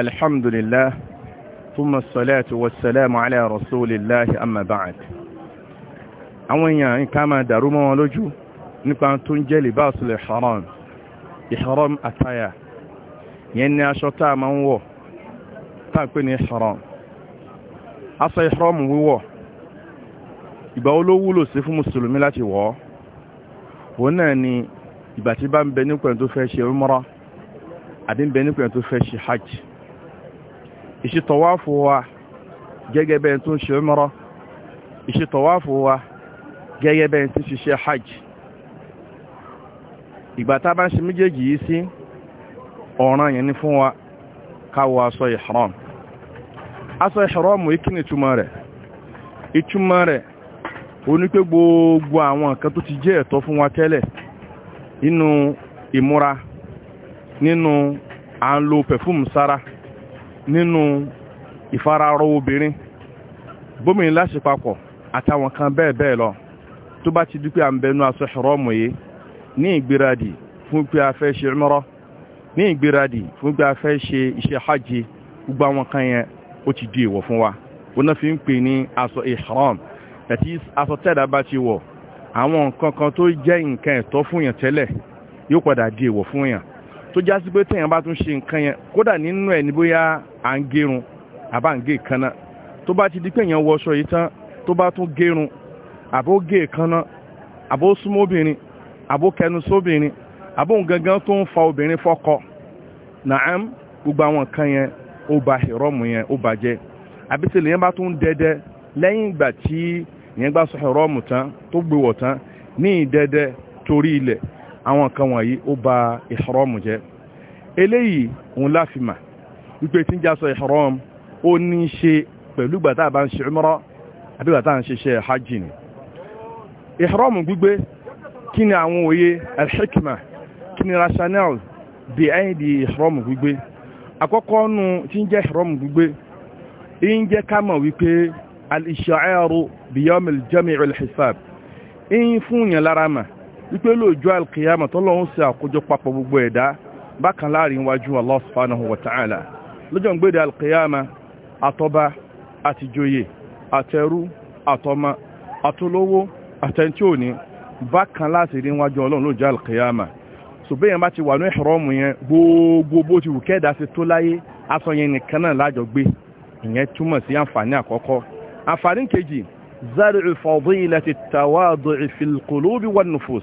الحمد لله ثم الصلاة والسلام على رسول الله أما بعد àwọn èèyàn nǹkan máa dàrú mọ́ wọn lójú nípa tó ń jẹ́ libasul ihram ihram attire yẹn ni aṣọ tá a máa ń wọ̀ tá a pè ní ihram aṣọ ihram wíwọ̀ ìgbà wo ló wúlò sí fún mùsùlùmí láti wọ̀ ọ́ òun náà ni ìgbà tí bá ń bẹ nípa tó fẹ́ ṣe umrah àbí ń bẹ nípa tó fẹ́ ṣe hajj ìṣe tọ̀wáfù wa gẹ́gẹ́ bẹ́ẹ̀ tó ṣe umra ìṣe tọ̀wáfù wa gẹ́gẹ́ bẹ́ẹ̀ tó ṣiṣẹ́ hajj ìgbà tá bá ń ṣe méjèèjì yìí sí ọ̀ràn yẹn ni fún wa ká aṣọ ihram aṣọ ni rẹ̀ ìtumọ̀ rẹ̀ oní pé gbogbo àwọn nǹkan tó ti jẹ́ ẹ̀tọ́ fún wa tẹ́lẹ̀ nínú ìmúra nínú nínú ìfararọ obìnrin bómìnrin láṣepapọ̀ àtàwọn kan bẹ́ẹ̀ bẹ́ẹ̀ lọ tó bá ti di pé à ń bẹnu aṣọ ìrọ́mù yìí ní ìgbéradì fún pé a fẹ́ ṣe umrah ní ìgbéradì fún pé a fẹ́ ṣe iṣẹ́ hajj gbogbo àwọn kan yẹn ó ti di èèwọ̀ fún wa wọn náà fi ń pè ní aṣọ ihram that aṣọ tẹ́ẹ̀dá bá ti wọ̀ àwọn nǹkan kan tó jẹ́ nǹkan ẹ̀tọ́ fún yàn tẹ́lẹ̀ yóò padà di èèwọ̀ fún yàn tó já sí pé téèyàn bá tún ṣe nǹkan yẹn kódà nínú ẹ̀ ní à ń gérun àbá ń gé ìkànnà tó bá ti di pé èèyàn wọṣọ yìí tán tó bá tún gérun àbó gé àbó súnmọ́ obìnrin àbó kẹnu sóbìnrin àbó gangan tó ń fa obìnrin gbogbo àwọn nǹkan yẹn ó ba ìrọ́mù yẹn ó bàjẹ́ bá tún dẹ́dẹ́ lẹ́yìn ìgbà tí ìyẹn gbà sọ ìrọ́mù tán tó gbé wọ̀ tán ní ìdẹ́dẹ́ torí àwọn nǹkan wọ̀nyí ó ba ìhrọ́mù jẹ́ eléyìí òun láfimà wípé tí ń jásọ ìhrọ́mù ó ní í ṣe pẹ̀lú gbàtà bá ń ṣe umrah àbí gbàtà ń ṣeṣẹ́ hajj ni ìhrọ́mù gbígbé kí ni àwọn òye alhikma kí ni rationale bí ẹ̀yìn di ìhrọ́mù gbígbé àkọ́kọ́ nu tí ń jẹ́ ìhrọ́mù gbígbé ń jẹ́ ká mọ̀ wípé al-isha'aru bi yawm hisab ń fún yàn lára mà wípé lóòjọ́ alkiyama tọ́lọ́hún ṣe àkójọ papọ̀ gbogbo ẹ̀dá bákan láàrin wájú Allah subhanahu wa ta'ala lọ́jọ́ ìgbéde alkiyama àtọba àtìjòyè àtẹrú àtọmọ àtolówó àtẹntí òní bákan láti rí wájú ọlọ́run lóòjọ́ alkiyama sùgbéyàn bá ti wà ní ìhọ́rọ́mù yẹn gbogbo bó ti wù kẹ́ẹ̀dá sí tó láyé aṣọ yẹn nìkan náà lájọ gbé ìyẹn túmọ̀ sí àǹfààní àkọ́kọ́ àǹfààní kejì zari'u fadilati at-tawadu'i fil qulubi wan nufus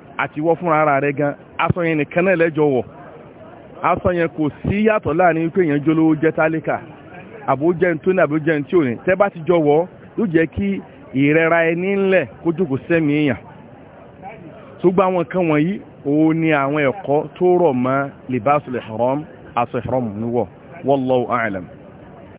àti wọ́ fúnra ara rẹ̀ gan aṣọ yẹn nìkan náà lẹ́jọ́ wọ̀ aṣọ yẹn kò sí yàtọ̀ láàrin pé èèyàn jólówó jẹ́ tálíkà àbójẹ́ tó ní àbójẹ́ tí ò ní tẹ́ bá ti jọ wọ̀ yóò jẹ́ kí ìrẹ́ra ẹni ńlẹ̀ kó jókòó sẹ́mi èèyàn ṣùgbọ́n àwọn nǹkan wọ̀nyí òun ni àwọn ẹ̀kọ́ tó rọ̀ mọ́ libasul ihram aṣọ ihram níwọ̀ wallahu a'lam